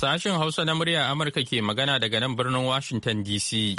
Sashen Hausa na murya Amurka ke magana daga nan birnin Washington DC.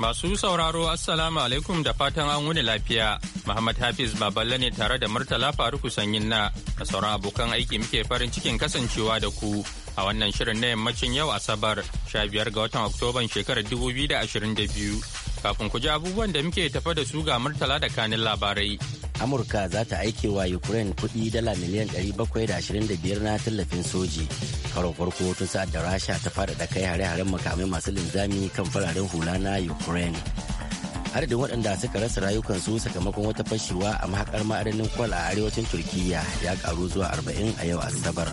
Masu sauraro Assalamu alaikum da fatan an wuni lafiya. Muhammad Hafiz Baballe ne tare da Murtala Faruku Sanyin na a sauran abokan aiki muke farin cikin kasancewa da ku a wannan shirin na yammacin yau Asabar 15 ga watan Oktoban shekarar 2022. Kafin ku ji abubuwan da muke tafa da su ga Murtala da kanin labarai. amurka za ta aike wa ukraine kudi dala miliyan 725 na tallafin soji Karo farko tun sa'ad da rasha ta faɗaɗa kai hare-haren makamai masu linzami kan fararen hula na ukraine adadin waɗanda suka rasa rayukansu sakamakon wata fashewa a mahakar ma'adanin kwal a arewacin Turkiyya ya karu zuwa 40 a yau asabar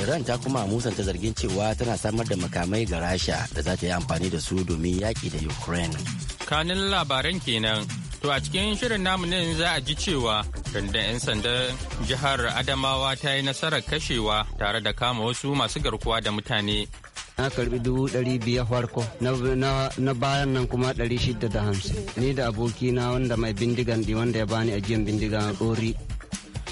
iran ta kuma musanta zargin cewa tana samar da makamai ga rasha da za ta yi amfani da su domin yaƙi da ukraine kanin labaran kenan To a cikin shirin namu ne za a ji cewa rundunar 'yan sandan jihar Adamawa ta yi nasarar kashewa tare da kama wasu masu garkuwa da mutane. Na karbi dubu ɗari biyar farko na bayan nan kuma ɗari shida da hamsin. Ni da abokina wanda mai bindigan ɗi wanda ya bani ajiyar bindigan ɗori.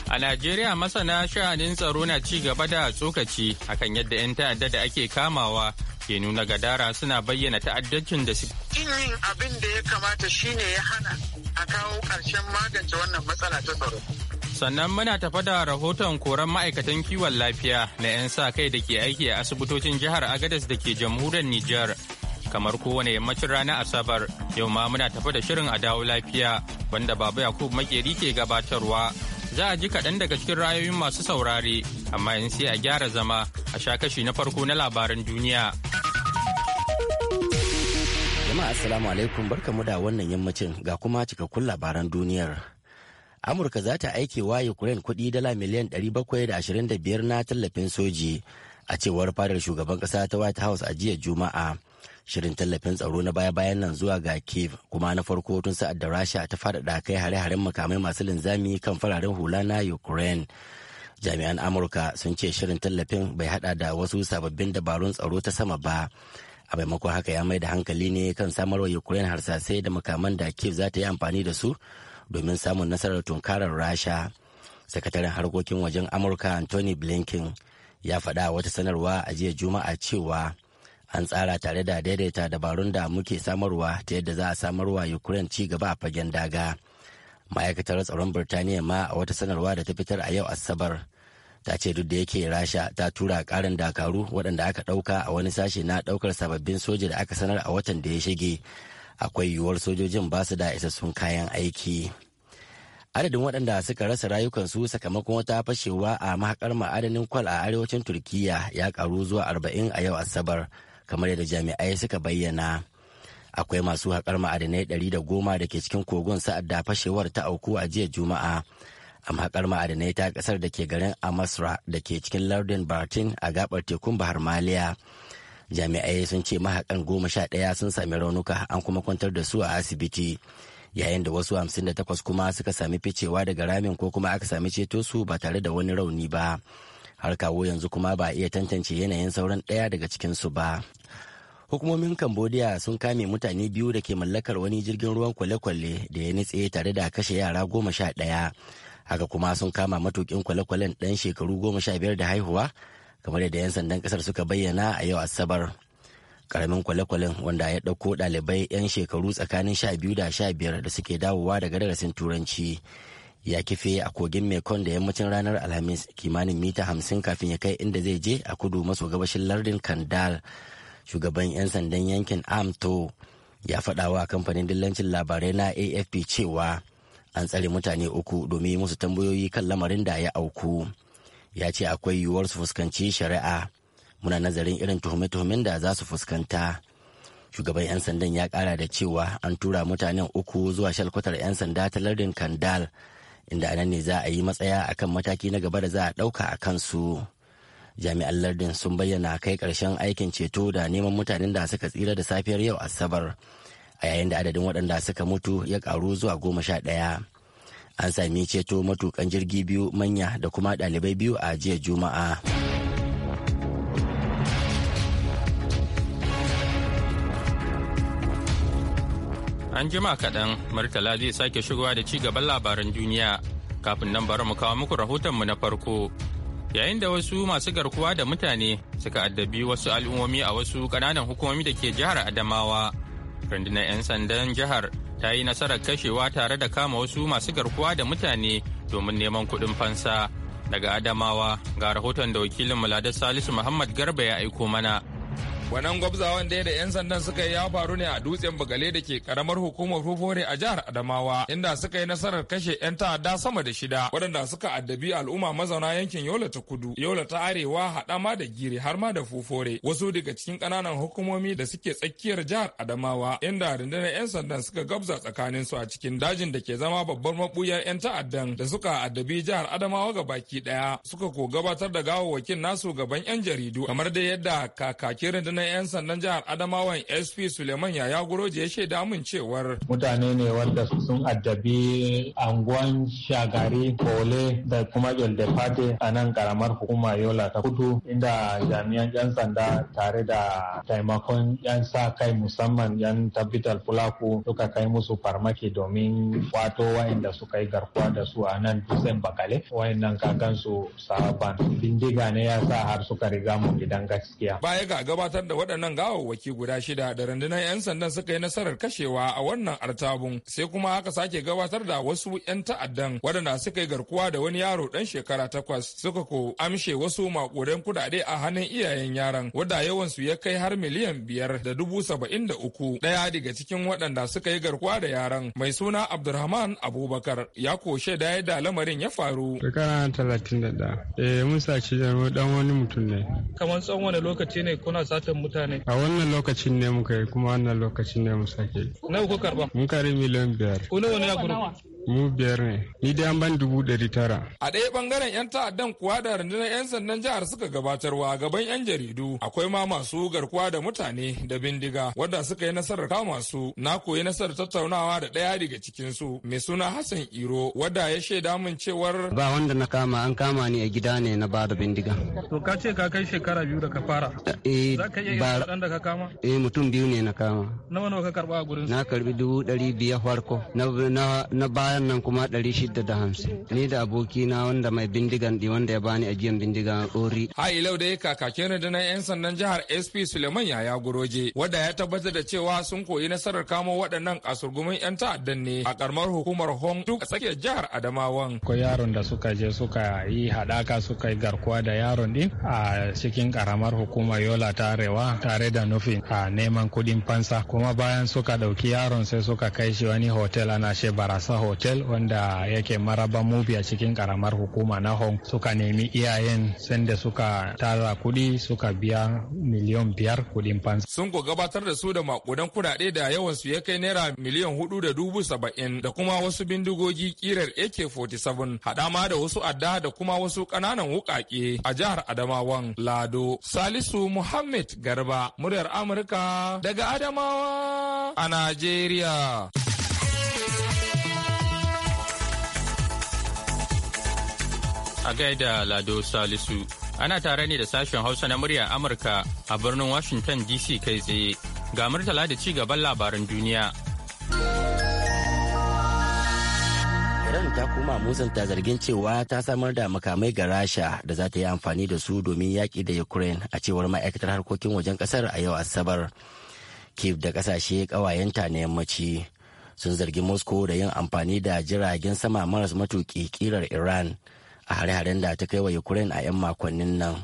A Najeriya masana sha'anin tsaro na ci gaba da tsokaci akan yadda 'yan ta'adda da ake kamawa ke nuna gadara suna bayyana ta'addancin da su. yin abin da ya kamata shine ya hana a kawo ƙarshen magance wannan matsala ta tsaro. Sannan muna tafa da rahoton koran ma'aikatan kiwon lafiya na 'yan sa kai da ke aiki a asibitocin jihar Agadas da ke jamhuriyar Nijar. Kamar kowane yammacin rana Asabar, yau ma muna tafa da shirin a dawo lafiya wanda Baba Yakubu Makeri ke gabatarwa. za a ji kaɗan daga cikin rayoyin masu saurare amma in sai a gyara zama a sha kashi na farko na labaran duniya. jama'a assalamu alaikum barkamu da wannan yammacin ga kuma cikakkun labaran duniyar amurka za ta aike wa ukraine kuɗi dala miliyan 725 na tallafin soji a cewar fadar shugaban kasa ta white house a jiya juma'a shirin tallafin tsaro na baya-bayan nan zuwa ga kiev kuma na farko tun sa'ad da rasha ta faɗaɗa kai hare-haren makamai masu linzami kan fararen hula na ukraine jami'an amurka sun ce shirin tallafin bai hada da wasu sababbin dabarun tsaro ta sama ba a maimakon haka ya mai da hankali ne kan samarwa ukraine harsasai da makaman da kiev za ta yi amfani da su domin samun nasarar tunkarar rasha sakataren harkokin wajen amurka anthony blinken ya faɗa wata sanarwa a jiya juma'a cewa an tsara tare da daidaita dabarun da muke samarwa ta yadda za a samarwa ukraine ci gaba a fagen daga ma'aikatar tsaron birtaniya ma a wata sanarwa da ta fitar a yau asabar ta ce duk da yake rasha ta tura karin dakaru waɗanda aka ɗauka a wani sashe na ɗaukar sababbin soja da aka sanar a watan da ya shige akwai yiwuwar sojojin ba su da isassun kayan aiki adadin waɗanda suka rasa rayukansu sakamakon wata fashewa a mahakar ma'adanin kwal a arewacin Turkiyya ya karu zuwa arba'in a yau asabar kamar yadda jami'ai suka bayyana akwai masu haƙar ma'adanai ɗari da goma da ke cikin kogon sa'ad da fashewar ta auku a jiya juma'a a mahakar ma'adanai ta ƙasar da ke garin amasra da ke cikin lardin bartin a gabar tekun bahar maliya jami'ai sun ce mahakan goma sha ɗaya sun sami raunuka an kuma kwantar da su a asibiti yayin da wasu hamsin da takwas kuma suka sami ficewa daga ramin ko kuma aka sami ceto su ba tare da wani rauni ba har kawo yanzu kuma ba a iya tantance yanayin sauran ɗaya daga su ba hukumomin cambodia sun kame mutane biyu da ke mallakar wani jirgin ruwan kwale-kwale da ya nitse tare da kashe yara goma sha ɗaya haka kuma sun kama matukin kwale-kwalen ɗan shekaru goma sha biyar da haihuwa kamar yadda 'yan sandan kasar suka bayyana a yau asabar karamin kwale-kwalen wanda ya ɗauko ɗalibai 'yan shekaru tsakanin sha biyu da sha biyar da suke dawowa daga darasin turanci ya kife a kogin mekon da yammacin ranar alhamis kimanin mita hamsin kafin ya kai inda zai je a kudu maso gabashin lardin kandal shugaban 'yan sandan yankin amto ya faɗawa kamfanin dillancin labarai na afp cewa an tsare mutane uku domin musu tambayoyi kan lamarin da ya auku ya ce akwai yiwuwar su fuskanci shari'a muna nazarin irin tuhume-tuhumen da za su fuskanta shugaban 'yan sandan ya kara da cewa an tura mutanen uku zuwa shalkwatar 'yan sanda ta lardin kandal inda anan ne za a yi matsaya akan mataki na gaba da za a ɗauka a kansu jami'an lardin sun bayyana kai ƙarshen aikin ceto da neman mutanen da suka tsira da safiyar yau asabar. a yayin da adadin waɗanda suka mutu ya ƙaru zuwa goma sha ɗaya an sami ceto matukan jirgi biyu manya da kuma ɗalibai biyu a jiya juma'a an jima kaɗan murtala zai sake shigowa da ci gaban labaran duniya kafin nan bari mu kawo muku rahotonmu na farko yayin da wasu masu garkuwa da mutane suka addabi wasu al'ummomi a wasu ƙananan hukumomi da ke jihar adamawa rundunar 'yan sandan jihar ta yi nasarar kashewa tare da kama wasu masu garkuwa da mutane domin neman kuɗin fansa daga adamawa ga rahoton da wakilin muladar salisu muhammad garba ya aiko mana Wannan gwabzawan da da 'yan sandan suka yi ya faru ne a dutsen bagale da ke karamar hukumar Fufore a jihar Adamawa inda suka yi nasarar kashe 'yan ta'adda sama da shida waɗanda suka addabi al'umma mazauna yankin Yola ta Kudu, Yola ta Arewa, Haɗama da Giri har ma da Fufore. Wasu daga cikin ƙananan hukumomi da suke tsakiyar jihar Adamawa inda rundunar 'yan sandan suka gabza tsakanin su a cikin dajin da ke zama babbar mabuyar 'yan ta'addan da suka addabi jihar Adamawa ga baki ɗaya suka ko gabatar da gawawwakin nasu gaban 'yan jaridu kamar dai yadda kakakin rundunar na 'yan sandan jihar adamawan sp suleiman yaya guroje ya shaida mun cewar mutane ne wanda sun addabi anguwan shagari kole da kuma fate a nan karamar hukuma yola ta kudu inda jami'an 'yan sanda tare da taimakon 'yan sa kai musamman 'yan tabbitar fulaku suka kai musu farmaki domin kwato wa'inda suka yi garkuwa da su a nan dusen bakale wa'innan kakansu saban bindiga ne ya sa har suka riga mu gidan gaskiya baya ga gabatar da da waɗannan gawawwaki guda shida da rundunar 'yan sandan suka yi nasarar kashewa a wannan artabun sai kuma aka sake gabatar da wasu 'yan ta'addan waɗanda suka yi garkuwa da wani yaro ɗan shekara takwas suka ko amshe wasu maƙudan kuɗaɗe a hannun iyayen yaron wadda yawansu ya kai har miliyan biyar da dubu saba'in da uku ɗaya daga cikin waɗanda suka yi garkuwa da yaran mai suna abdulrahman abubakar ya koshe da yadda lamarin ya faru. shekara talatin da ɗaya eh, mun da ɗan wani mutum ne. kamar tsawon wani lokaci ne kuna sata kan mutane. A wannan lokacin ne muka yi kuma wannan lokacin ne mu sake. Nawa ku karba? Mun kari miliyan biyar. Ku nawa ne a mu biyar ne ni dai an ban dubu ɗari tara. a ɗaya ɓangaren 'yan ta'addan kuwa da rundunar 'yan sandan jihar suka gabatarwa a gaban 'yan jaridu akwai ma masu garkuwa da mutane da bindiga wadda suka yi nasarar kama masu na koyi nasarar tattaunawa da ɗaya daga cikinsu mai suna hassan iro wadda ya shaida min cewar. ba wanda na kama an kama ni a gida ne na bada bindiga. to ka ce ka kai shekara biyu da ka fara. eh za ka iya ɗan da ka kama. eh mutum biyu ne na kama. nawa nawa ka karba a gurin. na karbi dubu ɗari biyar farko na na bayan nan kuma 650 ni da abokina wanda mai bindigan di wanda ya bani ajiyan bindigan ori ha ilau da ya kakakin rundunar yan sandan jihar sp suleiman yaya guroje wanda ya tabbatar da cewa sun koyi nasarar kamo waɗannan kasurgumin yan ta'addan ne a karamar hukumar hong duk a tsakiyar jihar adamawan ko yaron da suka je suka yi haɗaka suka yi garkuwa da yaron din a cikin karamar hukumar yola ta arewa tare da nufin a neman kudin fansa kuma bayan suka ɗauki yaron sai suka kai shi wani hotel ana she barasa hotel hotel wanda yake maraba mubi a cikin karamar hukuma na hong suka nemi iyayen sanda suka tara kudi suka biya miliyan biyar kudin fansa. sun ko gabatar da su da makudan kudade da yawan su ya kai naira miliyan hudu da dubu saba'in da kuma wasu bindigogi kirar ak-47 hada ma da wasu adda da kuma wasu ƙananan wuƙaƙe a jihar adamawan lado salisu muhammad garba muryar amurka daga adamawa a najeriya. a gaida Lado Salisu. Ana tare ne da sashen Hausa na murya Amurka a birnin Washington DC kai tsaye. Ga murtala da ci gaban labaran duniya. Iran ta kuma musanta zargin cewa ta samar da makamai ga Rasha da za ta yi amfani da su domin yaƙi da Ukraine a cewar ma'aikatar harkokin wajen ƙasar a yau Asabar. Kiev da ƙasashe ƙawayenta na yammaci sun zargi Moscow da yin amfani da jiragen sama maras matuƙi ƙirar Iran. a hare-haren da ta kai wa ukraine a 'yan makonnin nan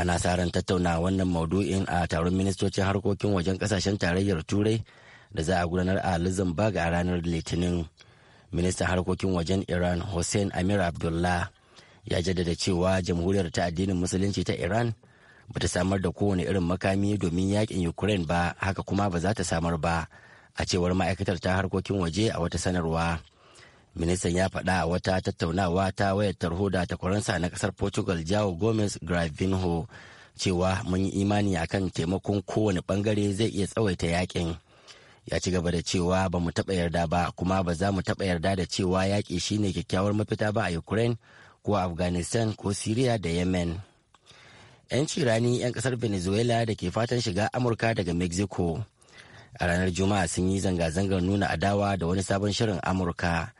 ana sa ran tattauna wannan maudu'in a taron ministocin harkokin wajen kasashen tarayyar turai da za a gudanar a luxembourg a ranar litinin ministan harkokin wajen iran hussein amir abdullah ya jaddada cewa jamhuriyar ta addinin musulunci ta iran ba ta samar da kowane irin makami domin yakin ukraine ba haka kuma ba za ta samar ba a cewar ma'aikatar ta harkokin waje a wata sanarwa ministan ya faɗa a wata tattaunawa ta wayar tarho da takwaransa na ƙasar portugal jao gomez gravinho cewa mun yi imani akan taimakon kowane bangare zai iya tsawaita yakin ya ci gaba da cewa ba mu taɓa yarda ba kuma ba za mu taɓa yarda da cewa yaƙi shine kyakkyawar mafita ba a ukraine ko afghanistan ko syria da yemen 'yan cirani 'yan ƙasar venezuela da ke fatan shiga amurka daga mexico a ranar juma'a sun yi zanga-zangar nuna adawa da wani sabon shirin amurka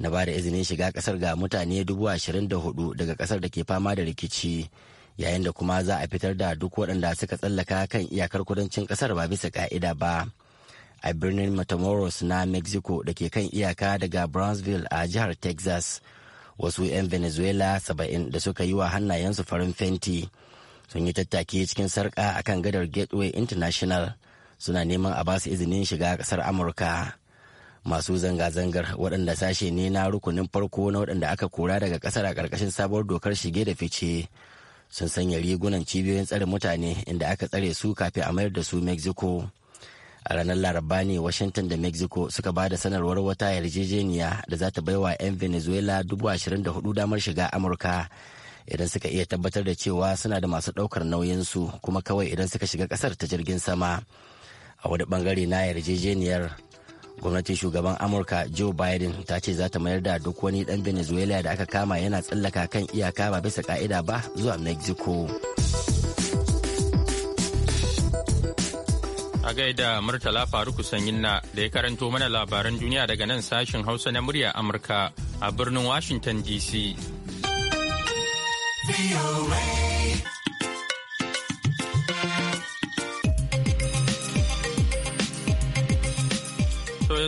na ba da izinin shiga kasar ga mutane dubu ashirin da hudu daga kasar da ke fama da rikici yayin da kuma za a fitar da duk waɗanda suka tsallaka kan iyakar kudancin kasar ba bisa ka'ida ba a birnin matamoros na mexico da ke kan iyaka daga brownsville a jihar texas wasu 'yan venezuela saba'in da suka yi wa hannayensu farin fenti sun yi tattaki cikin sarka akan gadar gateway international suna neman a basu izinin shiga kasar amurka masu zanga-zangar waɗanda sashe ne na rukunin farko na waɗanda aka kura daga ƙasar a ƙarƙashin sabuwar dokar shige da fice sun sanya rigunan cibiyoyin tsare mutane inda aka tsare su kafin a mayar da su mexico a ranar laraba ne washington da mexico suka ba da sanarwar wata yarjejeniya da za ta wa 'yan venezuela hudu damar shiga amurka idan suka iya tabbatar da cewa suna da masu ɗaukar nauyinsu kuma kawai idan suka shiga ƙasar ta jirgin sama a wani bangare na yarjejeniyar gwamnatin shugaban amurka joe biden ta ce za ta mayar da duk wani dan venezuela da aka kama yana tsallaka kan iyaka ba bisa ka'ida ba zuwa mexico a gaida murtala faruku sanyin na da ya karanto mana labaran duniya daga nan sashen hausa na murya amurka a birnin washington dc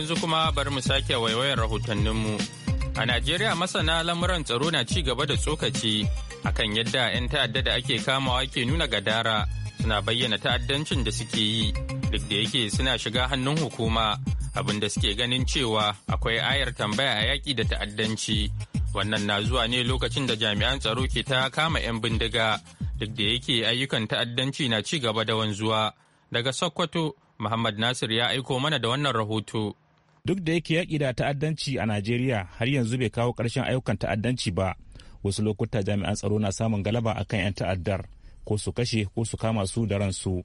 yanzu kuma bari mu sake waiwayar rahotanninmu. A Najeriya masana lamuran tsaro na ci gaba da tsokaci akan yadda 'yan ta'adda da ake kamawa ke nuna gadara suna bayyana ta'addancin da suke yi duk da yake suna shiga hannun hukuma abin da suke ganin cewa akwai ayar tambaya a yaƙi da ta'addanci. Wannan na zuwa ne lokacin da jami'an tsaro ke ta kama 'yan bindiga duk da yake ayyukan ta'addanci na ci gaba da wanzuwa. Daga Sokoto, Muhammad Nasir ya aiko mana da wannan rahoto. duk da yake yaƙi da ta'addanci a najeriya har yanzu bai kawo ƙarshen ayyukan ta'addanci ba wasu lokuta jami'an tsaro na samun galaba akan 'yan ta'addar ko su kashe ko su kama su da ransu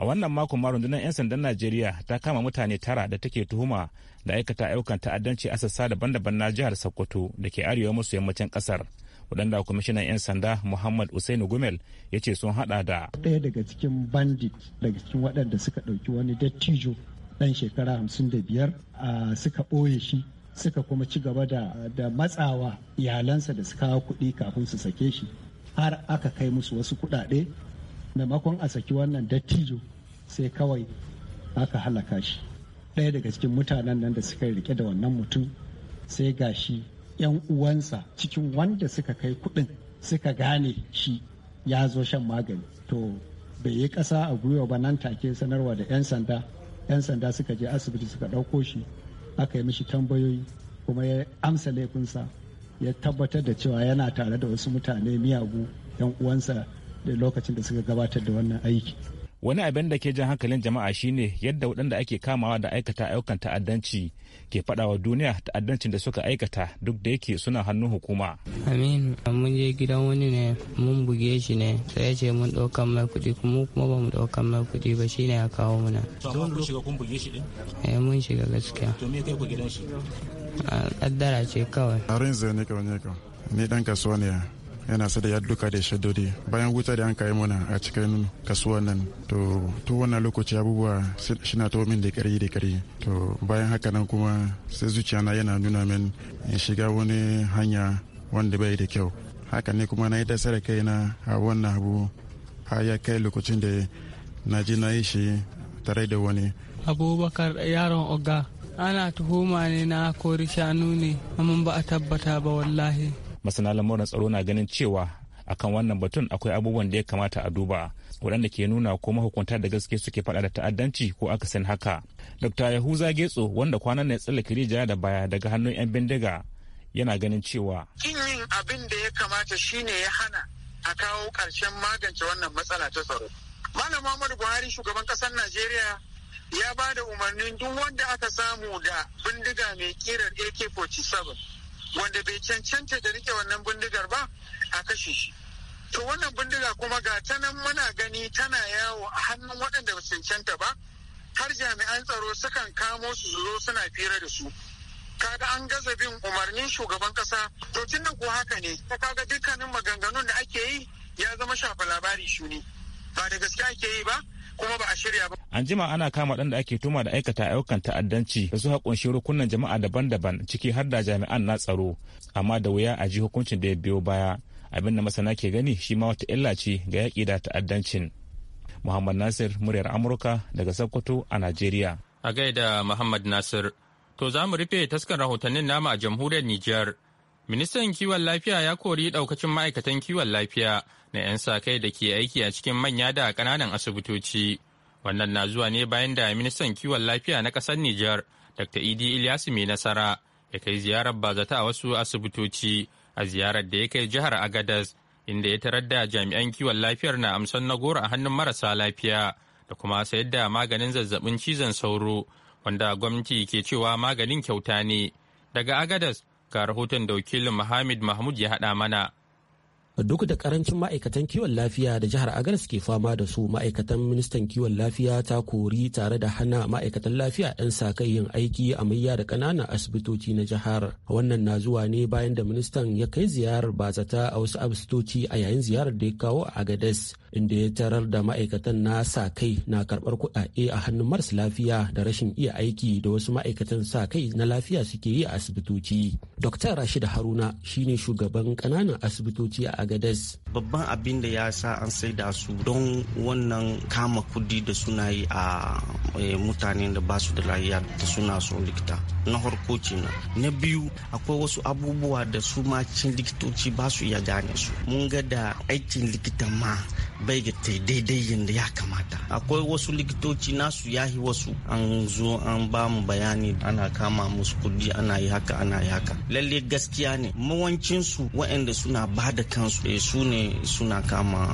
a wannan mako ma rundunar 'yan sandan najeriya ta kama mutane tara da take tuhuma da aikata ayyukan ta'addanci a sassa daban-daban na jihar sokoto da ke arewa masu yammacin kasar waɗanda kwamishinan 'yan sanda muhammad usainu gumel ya ce sun haɗa da ɗaya daga cikin bandit daga cikin waɗanda suka ɗauki wani dattijo ɗan shekara hamsin da biyar suka ɓoye shi suka kuma ci gaba da matsawa iyalansa da suka kawo kuɗi kafin su sake shi har aka kai musu wasu kuɗaɗe maimakon a saki wannan dattijo sai kawai aka halaka shi ɗaya daga cikin mutanen nan da suka rike da wannan mutum sai ga shi yan uwansa cikin wanda suka kai kuɗin suka gane shi ya zo shan magani to bai yi ƙasa a gwiwa ba nan take sanarwa da 'yan sanda 'yan sanda suka je asibiti suka ɗauko shi aka yi mishi tambayoyi kuma ya amsa laifinsa ya tabbatar da cewa yana tare da wasu mutane miyagu 'yan uwansa da lokacin da suka gabatar da wannan aiki wani abin da ke jan hankalin jama'a shine yadda waɗanda ake kamawa da aikata ayyukan ta'addanci ke faɗawa duniya ta'addancin da suka aikata duk da yake suna hannun hukuma. Amin, mun je gidan wani ne mun buge shi ne sai ya ce mun ɗaukan mai kuɗi kuma kuma ba mu ɗaukan mai kuɗi ba shine ya kawo muna. To amma kun shiga kun buge shi ɗin? Eh mun shiga gaskiya. To me kai ku gidan shi? Kaddara ce kawai. Harin zai ne kawai ne kawai. Ni ɗan kasuwa ne. yana sada yadduka da shaddodi bayan wuta da an kai mana a cikin kasuwan nan to to wannan lokaci abubuwa shina ta min da kari da kari to bayan haka nan kuma sai zuciya na yana nuna min in shiga wani hanya wanda bai da kyau haka ne kuma na yi dasara na a wannan abu har ya kai lokacin da na ji na yi shi tare da wani abubakar yaron oga ana tuhuma ne na kori shanu ne amma ba a tabbata ba wallahi masana lamuran tsaro na ganin cewa akan wannan batun akwai abubuwan da ya kamata a duba waɗanda ke nuna ko mahukunta da gaske suke faɗa da ta'addanci ko akasin haka dr yahuza getso wanda kwanan na ya tsallake rijiya da baya daga hannun 'yan bindiga yana ganin cewa kin yin abin da ya kamata shine ya hana a kawo ƙarshen magance wannan matsala ta tsaro malam muhammadu buhari shugaban ƙasar najeriya ya ba da umarnin duk wanda aka samu da bindiga mai kirar ak-47 wanda bai cancanta da rike wannan bindigar ba a kashe shi to wannan bindiga kuma ga ta nan muna gani tana yawo a hannun waɗanda ba cancanta ba har jami'an tsaro sukan kamo su zo suna fira da su kaga an gaza bin umarnin shugaban kasa to tun da ko haka ne ta kaga dukkanin maganganun da ake yi ya zama shafa labari shuni ba da gaske ake yi ba kuma ba a shirya ba. An jima ana kama ɗan da ake tuma da aikata ayyukan ta'addanci da su haƙunshi rukunan jama'a daban-daban ciki har da jami'an na tsaro amma da wuya a ji hukuncin da ya biyo baya abin da masana ke gani shi ma wata illa ce ga yaƙi da ta'addancin. Muhammad Nasir muryar Amurka daga Sokoto a Najeriya. A gaida Muhammad Nasir, to za mu rufe taskar rahotannin nama a jamhuriyar Nijar. Ministan kiwon lafiya ya kori daukacin ma'aikatan kiwon lafiya na 'yan sa-kai da ke aiki a cikin manya da ƙananan asibitoci. Wannan na zuwa ne bayan da ministan kiwon lafiya na ƙasar Nijar, Dr. Idi Ilyasu mai nasara, ya kai ziyarar bazata a wasu asibitoci a ziyarar da ya kai jihar Agadas, inda ya tarar da jami'an kiwon lafiyar na amsan na goro a hannun marasa lafiya da kuma sayar da maganin zazzabin cizon sauro, wanda gwamnati ke cewa maganin kyauta ne. Daga Agadas, Ga rahoton da wakilin Muhammad Mahmud ya haɗa mana duk da karancin ma'aikatan kiwon lafiya da jihar agadas ke fama da su ma'aikatan ministan kiwon lafiya ta kori tare da hana ma'aikatan lafiya ɗan sa kai yin aiki a mayya da ƙananan asibitoci na jihar wannan na zuwa ne bayan da ministan ya kai ziyarar bazata a wasu asibitoci a yayin ziyarar da ya kawo a agadas inda ya tarar da ma'aikatan na sa kai na karɓar kuɗaɗe a hannun marasa lafiya da rashin iya aiki da wasu ma'aikatan sa kai na lafiya suke yi a asibitoci. Dr. Rashid Haruna shine shugaban ƙananan asibitoci a It is. babban abin da ya sa an saida su don wannan kama kudi da suna yi a e, mutanen da ba su da layiya da suna so likita na harko kenan na biyu akwai wasu abubuwa da su ma cin likitoci ba su iya gane su mun ga da aikin likita ma bai ga ta daidai yadda ya kamata akwai wasu likitoci nasu yahi wasu an zo an ba mu bayani ana kama musu kudi ana yi haka ana yi haka lalle gaskiya ne mawancin su waɗanda suna ba da kansu eh, su ne suna kama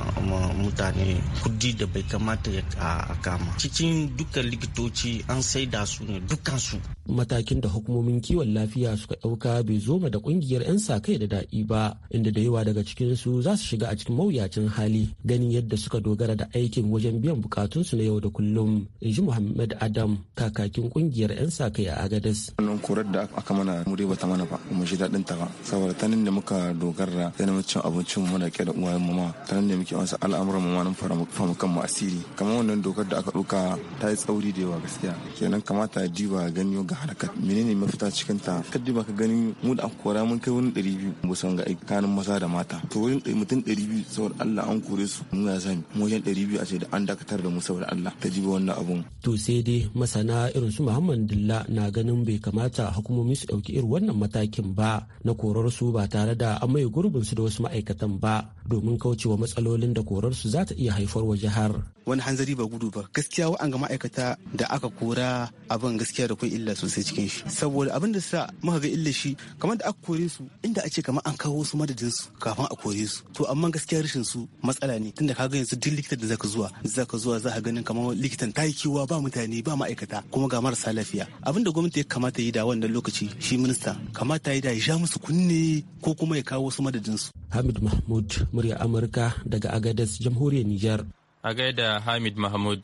mutane kudi da bai kamata a kama cikin dukkan likitoci an saida su ne dukansu matakin da hukumomin kiwon lafiya suka ɗauka bai zo da kungiyar 'yan sa kai da daɗi ba inda da yawa daga cikinsu za su shiga a cikin mawuyacin hali ganin yadda suka dogara da aikin wajen biyan bukatunsu na yau da kullum in ji muhammad adam kakakin ƙungiyar 'yan sa kai a agadas. wannan korar da aka mana mu dai bata mana ba mu shi daɗin ta ba saboda ta nan da muka dogara da na cin abincin mu da da uwayen mu ma ta nan da muke wasu al'amuran mu ma nan fara mu kan mu asiri kamar wannan dokar da aka ɗauka ta yi tsauri da yawa gaskiya kenan kamata diba ganin ga harkar menene mafita cikin ta kaddu ka gani mu da aka kora mun kai wani ɗari biyu mu san ga aikanin maza da mata to wurin mutum ɗari biyu saboda Allah an kore su mun ya sani mu wajen ɗari biyu a ce da an dakatar da mu saboda Allah ta jibi wannan abun. To sai dai masana irin su Muhammad Dilla na ganin bai kamata hukumomi su ɗauki irin wannan matakin ba na korar su ba tare da an mai gurbin su da wasu ma'aikatan ba domin kaucewa matsalolin da korar su za ta iya haifar wa jihar. Wani hanzari ba gudu ba gaskiya wa'anga ma'aikata da aka kora abin gaskiya da kun illa sosai. sosai cikin shi saboda abin da sa muka ga illa shi kamar da aka kore su inda a ce kamar an kawo su madadin su kafin a kore su to amma gaskiya rashin su matsala ne tunda ka ga yanzu duk likitan da zaka zuwa zaka zuwa za ka ganin kamar likitan ta yi kewa ba mutane ba ma'aikata kuma ga marasa lafiya abin da gwamnati ya kamata yi da wannan lokaci shi minista kamata yi da ya sha musu kunne ko kuma ya kawo su madadin su Hamid Mahmud murya Amurka daga Agadez jamhuriyar Nijar a gaida Hamid Mahmud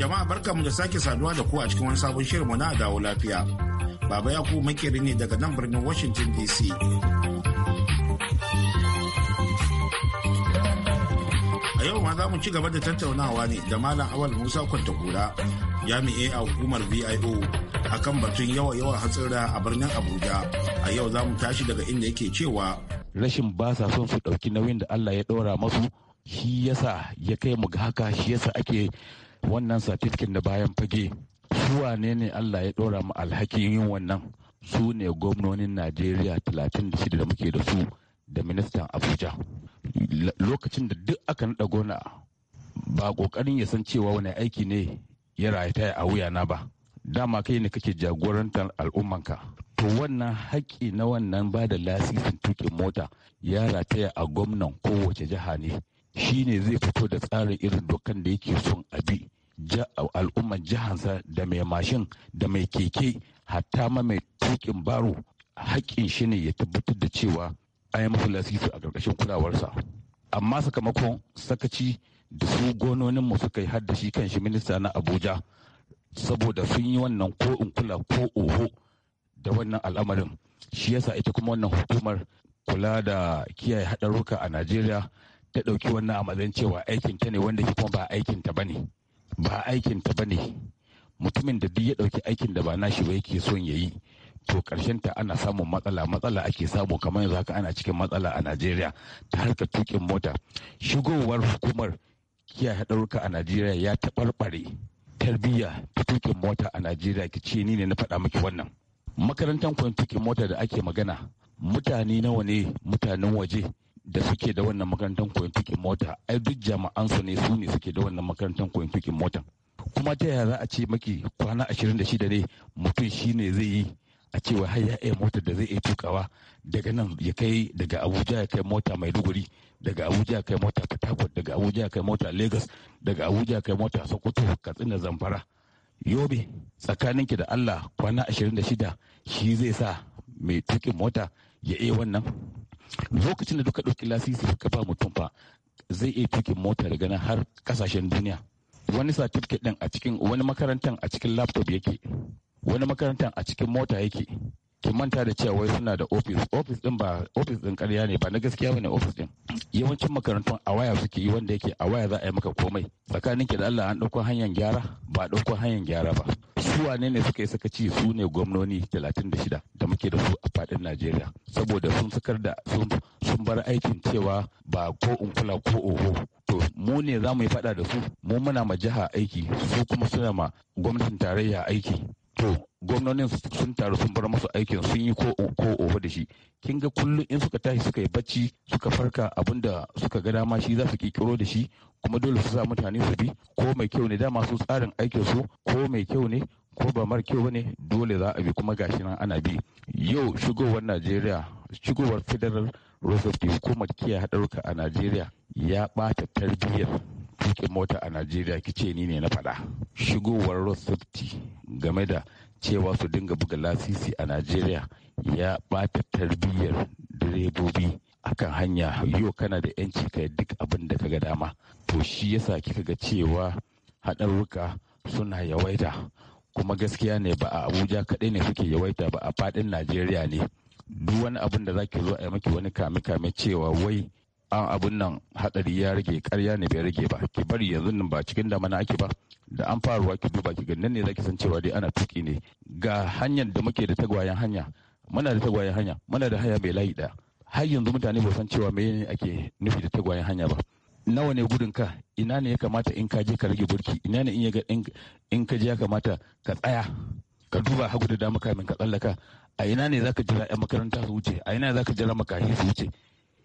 Jama'a mu da sake saduwa da ku a cikin wani sabon shirinmu na dawo lafiya. Baba ku makeri ne daga nan birnin Washington DC. A yau ma za mu ci gaba da tattaunawa ne da Malam Awal Musa Kwantakura, jami'ai a hukumar VIO akan batun yawa yawa hatsira a birnin Abuja. A yau za mu tashi daga inda yake cewa rashin ba sa son su ɗauki nauyin da Allah ya ɗora masu shi yasa ya kai mu ga haka shi yasa ake wannan satifikin da bayan fage su wane ne allah ya ɗora mu alhakin yin wannan su ne gwamnonin najeriya 36 da muke da su da ministan abuja lokacin da duk aka naɗa gona ba ƙoƙarin ya san cewa wani aiki ne ya rayata a wuya na ba dama kai ne kake jagorantar al'ummanka to wannan haƙƙi na wannan ba da lasisin tuƙin mota ya rataya a gwamnan kowace jiha ne shi ne zai fito da tsarin irin dokan da yake son a bi al'ummar jihansa da mai mashin da mai keke hatta ma mai tukin baro haƙƙin shi ne ya tabbatar da cewa an yi masa lasisi a ƙarƙashin kulawarsa amma sakamakon sakaci da su mu suka yi haddashi kan shi minista na abuja saboda sun yi wannan ko in kula ko oho da wannan al'amarin shi yasa ita kuma wannan hukumar kula da kiyaye haɗarurruka a najeriya ta ɗauki wannan a matsayin cewa aikin ta ne wanda shi kuma ba aikin ta bane ba aikin ta bane mutumin da duk ya ɗauki aikin da ba nashi ba yake son ya yi to karshen ta ana samun matsala matsala ake samu kamar yanzu haka ana cikin matsala a Najeriya ta harkar tukin mota shigowar hukumar kiyaye ɗauka a Najeriya ya taɓarɓare tarbiyya ta tukin mota a Najeriya ki ce ni ne na faɗa miki wannan makarantar kwan tukin mota da ake magana mutane nawa ne mutanen waje da suke da wannan makarantar koyon tukin mota ai duk jama'an su ne su ne suke da wannan makarantar koyon tukin mota kuma ta yaya za a ce maki kwana 26 ne mutum shi ne zai yi a cewa har ya iya mota da zai iya tukawa daga nan ya kai daga abuja ya kai mota maiduguri daga abuja ya kai mota port daga abuja ya kai mota lagos daga abuja ya kai mota sokoto katsina zamfara yobe tsakaninki da allah kwana 26 shi zai sa mai tukin mota ya iya wannan lokacin da duka ɗauki lasisi suka ba mutum fa zai iya tukin mota daga nan har kasashen duniya wani certificate din a cikin wani makarantar a cikin laptop yake wani makarantar a cikin mota yake ki manta da cewa wai suna da office office din ba office din ƙarya ne ba na gaskiya bane office din yawancin makarantun a waya suke yi wanda yake a waya za a yi maka komai tsakanin ki da Allah an dauko hanyar gyara ba dauko hanyar gyara ba su wane ne suka yi sakaci su ne gwamnoni 36 muke da su a fadin Najeriya saboda sun sakar da sun bar aikin cewa ba ko in kula ko oho to mu ne za mu yi faɗa da su mu muna ma jiha aiki su kuma suna ma gwamnatin tarayya aiki to gwamnonin sun taru sun bar musu aikin sun yi ko oho da shi kin ga kullum in suka tashi suka yi bacci suka farka abinda suka ga dama shi za su kikiro da shi kuma dole su sa mutane su bi ko mai kyau ne dama su tsarin aikin su ko mai kyau ne ko ba mara kyau ne? dole za a bi kuma gashi nan ana bi yau shigowar najeriya shigowar federal reserve hukumar kiyaye haɗaruka a najeriya ya ɓata tarbiyyar tuƙin mota a najeriya kice ni ne na faɗa shigowar road game da cewa su dinga buga lasisi a najeriya ya ɓata tarbiyyar direbobi akan hanya yau kana da yanci kai duk abin da kaga dama to shi yasa kika ga cewa haɗarurruka suna yawaita kuma gaskiya ne ba a abuja kaɗai ne suke yawaita ba a faɗin najeriya ne duk wani abin da zaki zo a yi maki wani kame-kame cewa wai an abun nan haɗari ya rage karya ne bai rage ba ki bari yanzu nan ba cikin damana ake ba da an faruwa ki duba ki ganin ne zaki san cewa dai ana tuki ne ga hanyar da muke da tagwayen hanya muna da tagwayen hanya muna da haya mai layi ɗaya har yanzu mutane ba san cewa me ake nufi da tagwayen hanya ba nawa ne gudun ka ina ne ya kamata in kaje ka rage burki ina ne in ka kaje ya kamata ka tsaya ka duba hagu da dama kamin ka tsallaka a ina ne zaka jira yan makaranta su wuce a ina ne zaka jira makahi su wuce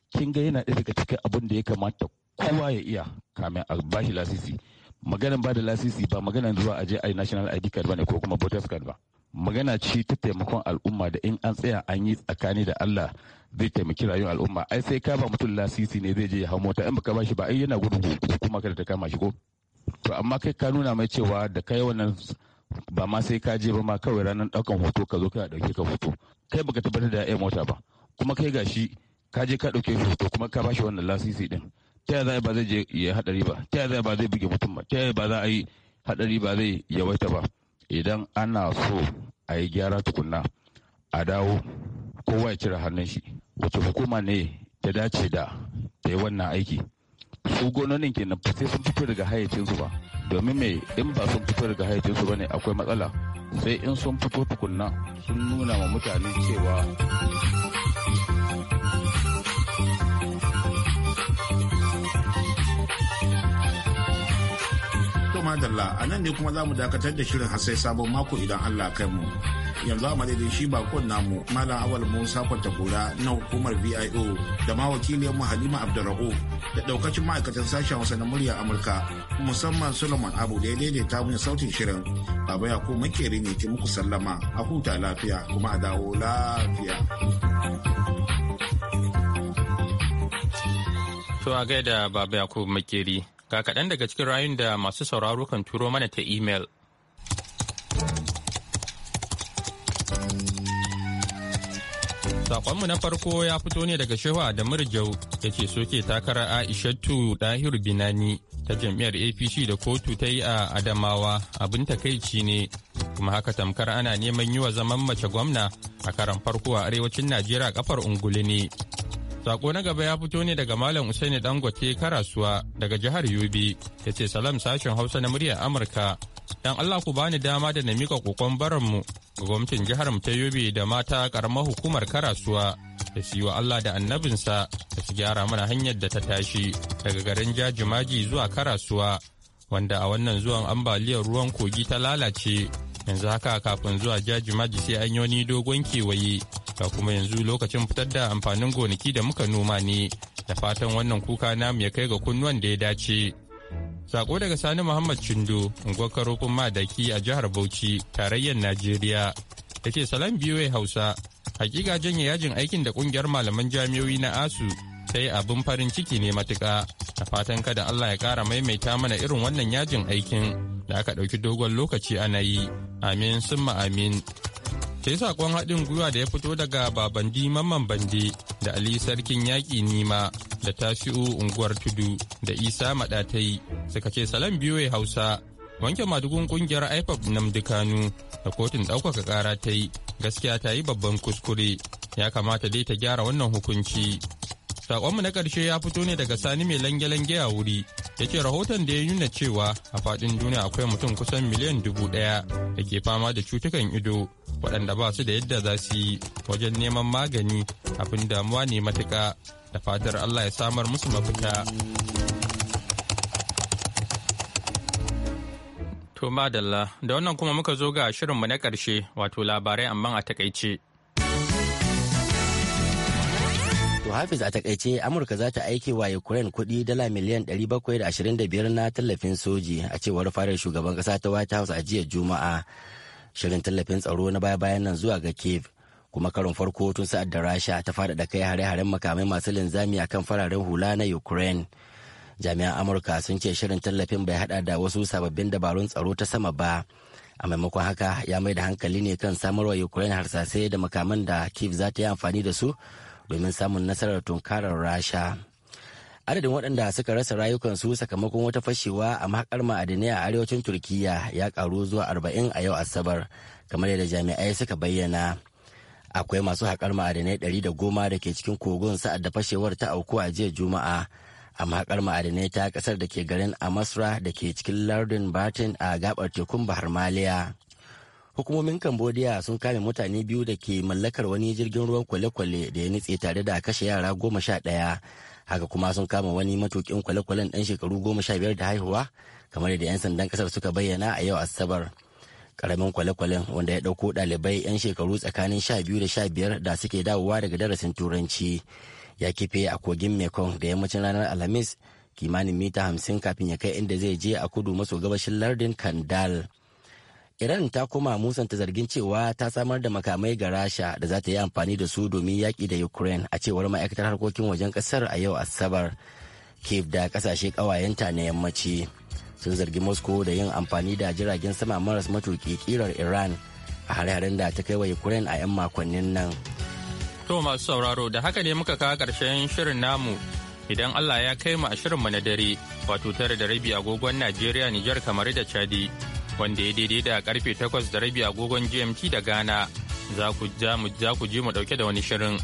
kin ga yana daga cikin abin da ya kamata kowa ya iya kamin a bashi lasisi maganan ba da lasisi ba maganan zuwa a je a national id card ba ko kuma voters card ba magana ce ta taimakon al'umma da in an tsaya an yi tsakani da Allah zai taimaki rayuwar al'umma ai sai ka ba mutum lasisi ne zai je ya hau mota in baka ba shi ba ai yana gudun kuma kada ta kama shi ko to amma kai ka nuna mai cewa da kai wannan ba ma sai ka je ba ma kawai ranar daukan hoto ka zo kana dauke ka hoto kai baka tabbatar da ai mota ba kuma kai gashi ka je ka dauke hoto kuma ka ba shi wannan lasisi din ta yaya ba zai je ya hadari ba ta yaya ba zai buge mutum ba ta yaya ba za a yi hadari ba zai yawaita ba idan ana so a yi gyara tukunna a dawo kowa ya cire hannun shi wace hukuma ne ta dace da ta yi wannan aiki su gononin ke na sai sun fito daga hayyacinsu ba domin me in ba sun fito daga hayyacinsu ba ne akwai matsala sai in sun fito tukunna sun nuna ma mutane cewa madalla a nan ne kuma za mu dakatar da shirin hasai sabon mako idan Allah kai mu. Yanzu a madadin shi bakon namu Malam Awal Musa Kwantakura na hukumar VIO da ma mu Halima Abdurra'u da daukacin ma'aikatan sashen wasa na murya Amurka musamman Solomon Abu da ya daidaita mun sautin shirin. Baba ya ko makeri ne ke muku sallama a huta lafiya kuma a dawo lafiya. To a gaida Baba Yakubu Makeri. Ga kaɗan daga cikin rayun da masu sauraro kan turo mana ta imel. saƙonmu na farko ya fito ne daga Shehu Adamu Rijau da ke soke takarar Aishatu Dahiru Binani ta jam'iyyar APC da kotu ta yi a Adamawa abin takaici ne kuma haka tamkar ana neman yi wa zaman mace gwamna a karan farko a arewacin Najeriya kafar unguli ne Sako na gaba ya fito ne daga Malam Usaini Dangote Karasuwa daga jihar Yobe ya ce salam sashen Hausa na muryar Amurka. Dan Allah ku bani dama da na mika kokon baranmu ga gwamnatin jihar mu ta Yobe da mata karamar hukumar Karasuwa da su wa Allah da annabinsa da su gyara mana hanyar da ta tashi daga garin Jajimaji zuwa Karasuwa wanda a wannan zuwan ambaliyar ruwan kogi ta lalace yanzu haka kafin zuwa Jajimaji sai an yi wani dogon kewaye ga kuma yanzu lokacin fitar da amfanin gonaki da muka noma ne da fatan wannan kuka namu ya kai ga kunnuwan da ya dace sako daga sani muhammad chindo unguwar karofin madaki a jihar bauchi tarayyar najeriya da ke salam ya hausa hakika janye yajin aikin da kungiyar malaman jami'o'i na asu ta yi abin farin ciki ne matuka da fatan kada allah ya kara maimaita mana irin wannan yajin aikin da aka ɗauki dogon lokaci ana yi amin summa amin sai saƙon haɗin gwiwa da ya fito daga babandi mamman bande da ali sarkin yaƙi nima da tasi'u unguwar tudu da isa maɗatai suka ce salam ya hausa wanke madugun ƙungiyar ipop namdi kanu da kotun ɗaukaka ƙara ta yi gaskiya ta yi babban kuskure ya kamata dai ta gyara wannan hukunci Sakonmu na ƙarshe ya fito ne daga Sani mai lange-lange a wuri, ya ce rahoton da ya nuna cewa a faɗin duniya akwai mutum kusan miliyan dubu ɗaya da ke fama da cutukan ido waɗanda ba su da yadda za su yi wajen neman magani abin damuwa ne matuƙa da fatar Allah ya samar musu mafita. To madalla, da wannan kuma muka zo ga shirinmu na ƙarshe wato labarai amma a takaice. Hafiz a takaice Amurka za ta aike wa Ukraine kuɗi dala miliyan 725 na tallafin soji a cewar farar shugaban ƙasa ta White House a jiya Juma'a. Shirin tallafin tsaro na baya-bayan nan zuwa ga Kiev kuma karin farko tun sa'ad da Rasha ta faɗaɗa kai hare-haren makamai masu linzami akan fararen hula na Ukraine. Jami'an Amurka sun ce shirin tallafin bai haɗa da wasu sababbin dabarun tsaro ta sama ba. a maimakon haka ya mai da hankali ne kan samarwa ukraine harsasai da makaman da kiev za ta yi amfani da su domin samun nasarar tunkarar rasha adadin waɗanda suka rasa rayukansu sakamakon wata fashewa a mahakar ma'adinai a arewacin turkiya ya ƙaru zuwa arba'in a yau asabar kamar yadda jami'ai suka bayyana akwai masu haƙar ma'adinai ɗari da goma da ke cikin kogon sa'ad da fashewar ta auku a jiya juma'a a mahakar ma'adinai ta ƙasar da ke garin amasra da ke cikin lardin batin a gaɓar tekun bahar maliya hukumomin cambodia sun kame mutane biyu da ke mallakar wani jirgin ruwan kwale-kwale da ya nutse tare da kashe yara goma sha ɗaya haka kuma sun kama wani matukin kwale-kwalen ɗan shekaru goma sha biyar da haihuwa kamar yadda 'yan sandan kasar suka bayyana a yau asabar karamin kwale-kwalen wanda ya ɗauko ɗalibai 'yan shekaru tsakanin sha biyu da sha biyar da suke dawowa daga darasin turanci ya kife a kogin mekong da yammacin ranar alhamis kimanin mita hamsin kafin ya kai inda zai je a kudu maso gabashin lardin kandal Iran ta kuma musanta zargin cewa ta samar da makamai ga Rasha da za ta yi amfani da su domin yaƙi da Ukraine a cewar ma'aikatar harkokin wajen ƙasar a yau Asabar. Kiev da ƙasashe ƙawayenta na yammaci sun zargi Moscow da yin amfani da jiragen sama maras matuƙi ƙirar Iran a hare-haren da ta kai wa Ukraine a 'yan makonnin nan. To masu sauraro da haka ne muka kawo ƙarshen shirin namu idan Allah ya kai mu a shirinmu na dare wato tare da rabi agogon Najeriya Nijar kamar da Chadi wanda ya daidai da karfe 8 da rabi agogon GMT da Ghana. Za ku ji mu dauke da wani shirin.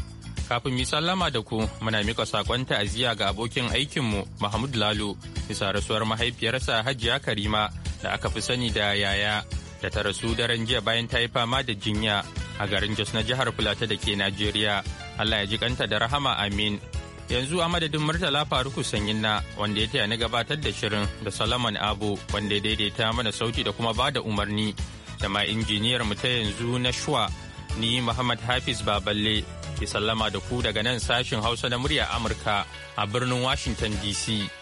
Kafin mi sallama da ku muna mika sakon ta'aziyya ga abokin aikinmu Mahmud Lalo bisa rasuwar mahaifiyarsa Hajiya Karima da aka fi sani da yaya da ta rasu daren jiya bayan ta yi fama da jinya a garin Jos na jihar Filata da ke Najeriya. Allah ya ji kanta da rahama amin. yanzu a madadin murtala faruku sanyin na wanda ya taya ni gabatar da shirin da salaman abu wanda ya daidaita mana sauti da kuma ba da umarni da ma injiniyar mu ta yanzu na shuwa ni muhammad hafiz baballe ke sallama da ku daga nan sashin hausa na murya amurka a birnin washington dc